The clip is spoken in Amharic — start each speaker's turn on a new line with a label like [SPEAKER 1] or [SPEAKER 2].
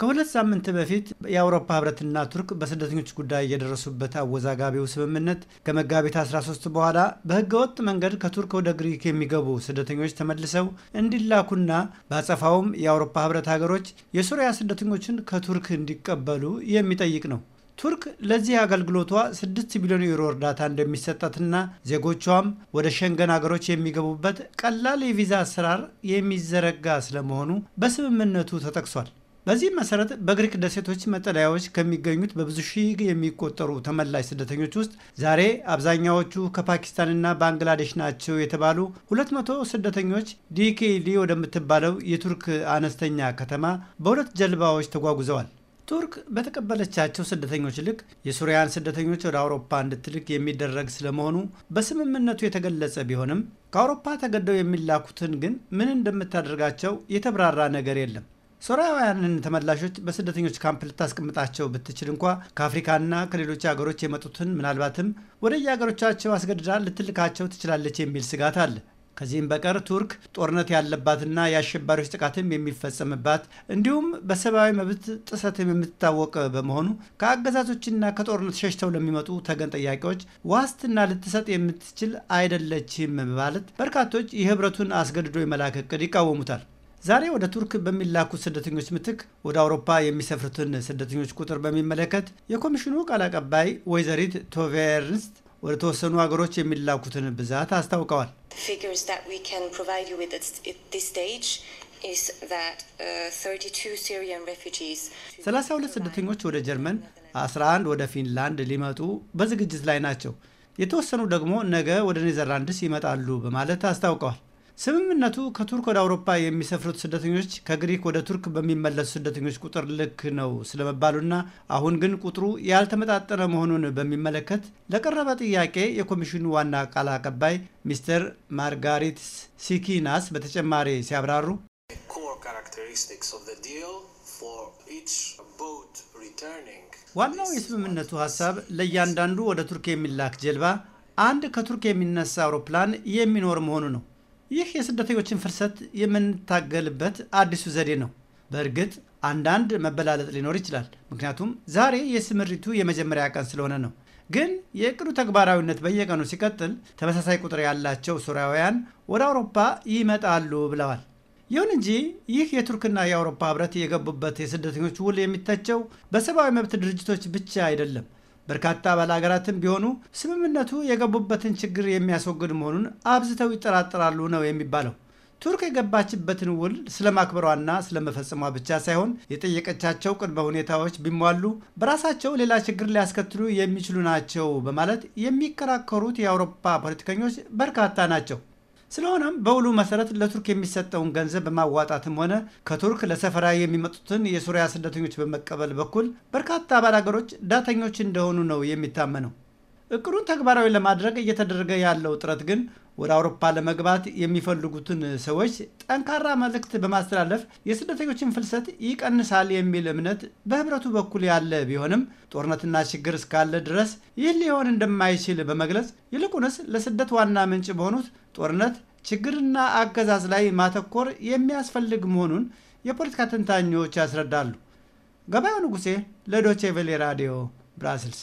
[SPEAKER 1] ከሁለት ሳምንት በፊት የአውሮፓ ህብረትና ቱርክ በስደተኞች ጉዳይ የደረሱበት አወዛጋቢው ስምምነት ከመጋቢት 13 በኋላ በህገወጥ መንገድ ከቱርክ ወደ ግሪክ የሚገቡ ስደተኞች ተመልሰው እንዲላኩና በአጸፋውም የአውሮፓ ህብረት ሀገሮች የሱሪያ ስደተኞችን ከቱርክ እንዲቀበሉ የሚጠይቅ ነው። ቱርክ ለዚህ አገልግሎቷ 6 ቢሊዮን ዩሮ እርዳታ እንደሚሰጣትና ዜጎቿም ወደ ሸንገን አገሮች የሚገቡበት ቀላል የቪዛ አሰራር የሚዘረጋ ስለመሆኑ በስምምነቱ ተጠቅሷል። በዚህም መሰረት በግሪክ ደሴቶች መጠለያዎች ከሚገኙት በብዙ ሺህ የሚቆጠሩ ተመላሽ ስደተኞች ውስጥ ዛሬ አብዛኛዎቹ ከፓኪስታንና ባንግላዴሽ ናቸው የተባሉ 200 ስደተኞች ዲኬሊ ወደምትባለው የቱርክ አነስተኛ ከተማ በሁለት ጀልባዎች ተጓጉዘዋል። ቱርክ በተቀበለቻቸው ስደተኞች ልክ የሱሪያን ስደተኞች ወደ አውሮፓ እንድትልክ የሚደረግ ስለመሆኑ በስምምነቱ የተገለጸ ቢሆንም ከአውሮፓ ተገደው የሚላኩትን ግን ምን እንደምታደርጋቸው የተብራራ ነገር የለም። ሶሪያውያንን ተመላሾች በስደተኞች ካምፕ ልታስቀምጣቸው ብትችል እንኳ ከአፍሪካና ከሌሎች ሀገሮች የመጡትን ምናልባትም ወደ ሀገሮቻቸው አስገድዳ ልትልካቸው ትችላለች የሚል ስጋት አለ። ከዚህም በቀር ቱርክ ጦርነት ያለባትና የአሸባሪዎች ጥቃትም የሚፈጸምባት እንዲሁም በሰብአዊ መብት ጥሰትም የምትታወቅ በመሆኑ ከአገዛዞችና ከጦርነት ሸሽተው ለሚመጡ ተገን ጠያቂዎች ዋስትና ልትሰጥ የምትችል አይደለችም በማለት በርካቶች የህብረቱን አስገድዶ የመላክ እቅድ ይቃወሙታል። ዛሬ ወደ ቱርክ በሚላኩ ስደተኞች ምትክ ወደ አውሮፓ የሚሰፍሩትን ስደተኞች ቁጥር በሚመለከት የኮሚሽኑ ቃል አቀባይ ወይዘሪት ቶቬርንስት ወደ ተወሰኑ ሀገሮች የሚላኩትን ብዛት አስታውቀዋል። uh, ሰላሳ ሁለት ስደተኞች ወደ ጀርመን፣ 11 ወደ ፊንላንድ ሊመጡ በዝግጅት ላይ ናቸው። የተወሰኑ ደግሞ ነገ ወደ ኔዘርላንድስ ይመጣሉ በማለት አስታውቀዋል። ስምምነቱ ከቱርክ ወደ አውሮፓ የሚሰፍሩት ስደተኞች ከግሪክ ወደ ቱርክ በሚመለሱ ስደተኞች ቁጥር ልክ ነው ስለመባሉና አሁን ግን ቁጥሩ ያልተመጣጠነ መሆኑን በሚመለከት ለቀረበ ጥያቄ የኮሚሽኑ ዋና ቃል አቀባይ ሚስተር ማርጋሪት ሲኪናስ በተጨማሪ ሲያብራሩ ዋናው የስምምነቱ ሀሳብ ለእያንዳንዱ ወደ ቱርክ የሚላክ ጀልባ አንድ ከቱርክ የሚነሳ አውሮፕላን የሚኖር መሆኑ ነው። ይህ የስደተኞችን ፍልሰት የምንታገልበት አዲሱ ዘዴ ነው። በእርግጥ አንዳንድ መበላለጥ ሊኖር ይችላል፣ ምክንያቱም ዛሬ የስምሪቱ የመጀመሪያ ቀን ስለሆነ ነው። ግን የእቅዱ ተግባራዊነት በየቀኑ ሲቀጥል ተመሳሳይ ቁጥር ያላቸው ሱሪያውያን ወደ አውሮፓ ይመጣሉ ብለዋል። ይሁን እንጂ ይህ የቱርክና የአውሮፓ ህብረት የገቡበት የስደተኞች ውል የሚተቸው በሰብአዊ መብት ድርጅቶች ብቻ አይደለም። በርካታ ሀገራትም ቢሆኑ ስምምነቱ የገቡበትን ችግር የሚያስወግድ መሆኑን አብዝተው ይጠራጠራሉ ነው የሚባለው። ቱርክ የገባችበትን ውል ስለማክበሯና ስለመፈጸሟ ብቻ ሳይሆን የጠየቀቻቸው ቅድመ ሁኔታዎች ቢሟሉ በራሳቸው ሌላ ችግር ሊያስከትሉ የሚችሉ ናቸው በማለት የሚከራከሩት የአውሮፓ ፖለቲከኞች በርካታ ናቸው። ስለሆነም በውሉ መሰረት ለቱርክ የሚሰጠውን ገንዘብ በማዋጣትም ሆነ ከቱርክ ለሰፈራ የሚመጡትን የሱሪያ ስደተኞች በመቀበል በኩል በርካታ አባል ሀገሮች ዳተኞች እንደሆኑ ነው የሚታመነው። እቅዱን ተግባራዊ ለማድረግ እየተደረገ ያለው ጥረት ግን ወደ አውሮፓ ለመግባት የሚፈልጉትን ሰዎች ጠንካራ መልእክት በማስተላለፍ የስደተኞችን ፍልሰት ይቀንሳል የሚል እምነት በህብረቱ በኩል ያለ ቢሆንም ጦርነትና ችግር እስካለ ድረስ ይህ ሊሆን እንደማይችል በመግለጽ ይልቁንስ ለስደት ዋና ምንጭ በሆኑት ጦርነት፣ ችግርና አገዛዝ ላይ ማተኮር የሚያስፈልግ መሆኑን የፖለቲካ ተንታኞች ያስረዳሉ። ገበያው ንጉሴ ለዶቼ ቬሌ ራዲዮ ብራስልስ